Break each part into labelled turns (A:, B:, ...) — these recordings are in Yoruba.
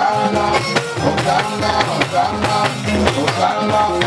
A: Hosanna, Hosanna, Hosanna, Hosanna.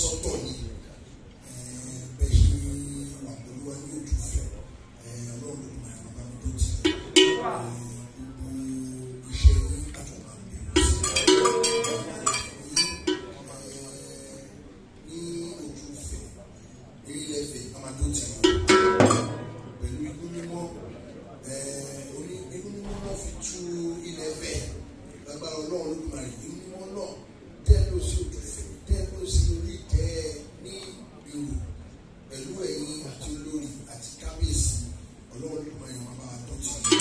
A: Sọ́tọ̀ ni ẹ̀bẹ̀ amadu ti wọn pẹ̀lú ikú mímọ́ orí ikú mímọ́ náà fi tú ilẹ̀ bẹ́ẹ̀ lágbára ọlọ́run olódùmarè ikú mímọ́ náà tẹ́ ló sí ojú fẹ́ tẹ́ ló sí orí tẹ́ ní ìrù pẹ̀lú ẹ̀yin àti olórí àti kábíyèsí ọlọ́run olódùmarè wọn bá tó ti wọn.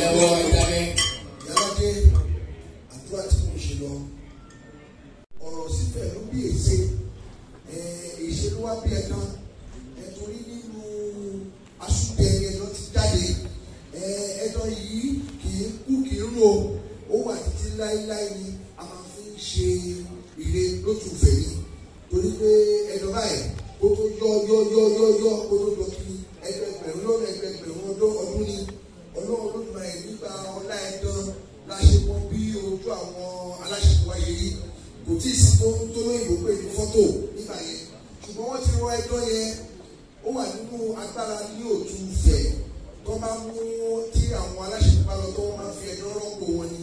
A: lọ́wọ́ ìdáre.
B: Ìyálàjẹ́ àdúrà a máa fi ń ṣe torí pé ẹ̀dán báyìí kó tó yọ yọ yọ yọ kó tó lọ kí ni. kò tí ì sí tó tó pé ní fọ́tò nígbà yẹn ṣùgbọ́n wọ́n ti rọ ẹjọ́ yẹn ó wà nínú agbára ní òtún fẹ̀ tó máa mú tí àwọn aláṣẹ ìpalọ́ tó máa fi ẹjọ́ rọ́pò wọn ni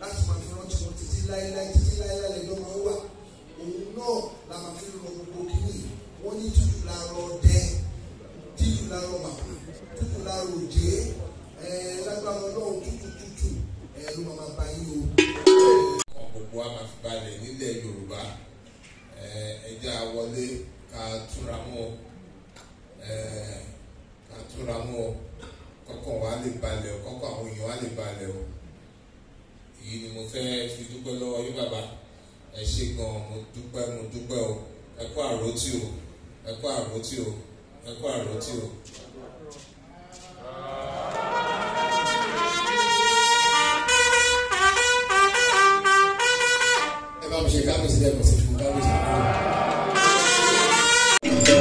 B: láti máa fi rántí wọn títí láéláé títí láéláé lẹ́jọ́ máa ń jẹ́ àwọlé ká túra mọ́ ká túra mọ́ kọ́kàn wa lè balẹ̀ o kọ́kàn àwọn èèyàn wa lè balẹ̀ o èyí ni mo fẹ́ fi dúpẹ́ lọ́wọ́ yín bàbá ẹ ṣé gan mo dúpẹ́ mo dúpẹ́ o ẹ kú àròtì o ẹ kú àròtì o ẹ kú àròtì o.
A: ẹ bá mi ṣe ká mi sílẹ̀ mọ̀ sí fún mi.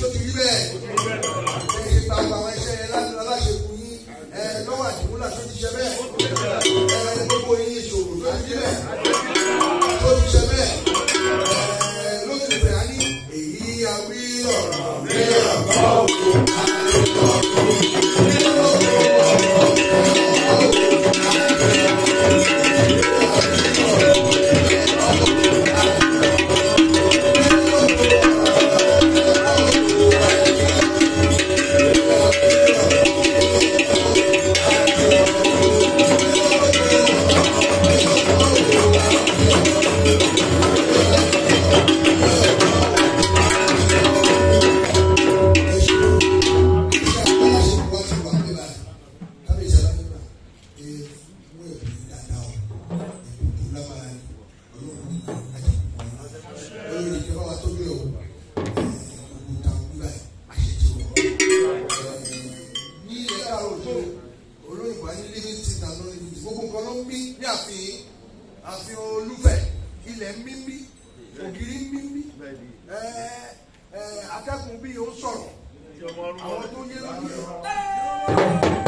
A: tó ti rí bẹ́ẹ̀ ẹ gbàgbà àwọn iṣẹ́ yẹn láti aláṣekù yín ẹ lọ́wọ́ àdìmúlà tó ti ṣe bẹ́ẹ̀ ẹ gbogbo yín ìṣòro tó ti rí bẹ́ẹ̀ tó ti ṣe bẹ́ẹ̀
B: ẹ lóṣù fẹ̀hání èyí awí ọ̀rọ̀ rẹ̀ ààfin ààfin olúfẹ̀ ilẹ̀ mímí ògiri mímí atẹ́kùn bí yóò sọ̀rọ̀ àwọn tó yé lórí.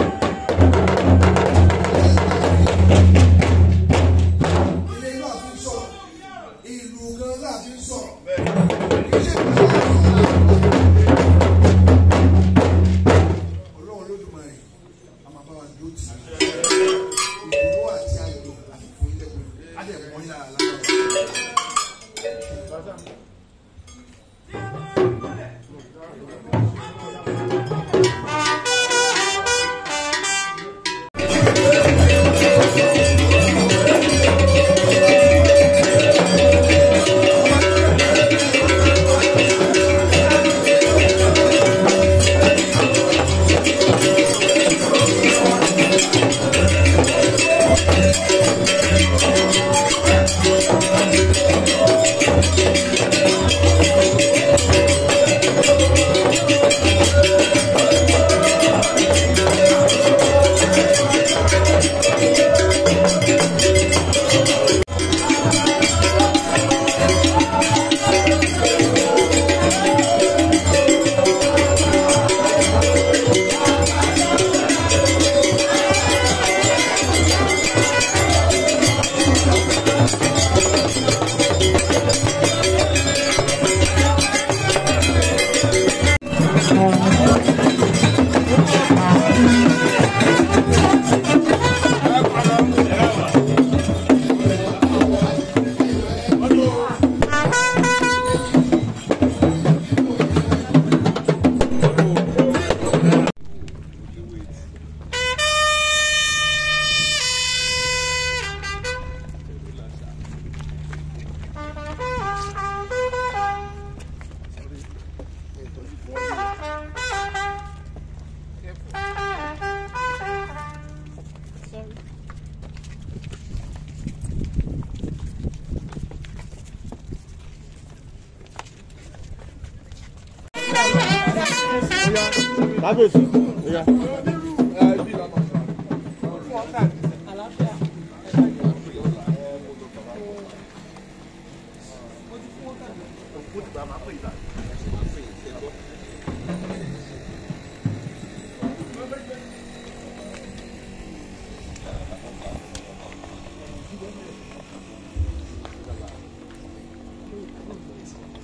B: 上。
A: kábíyèsí. Thank you.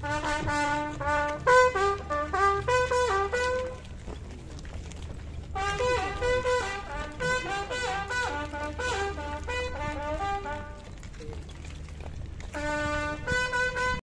A: Okay.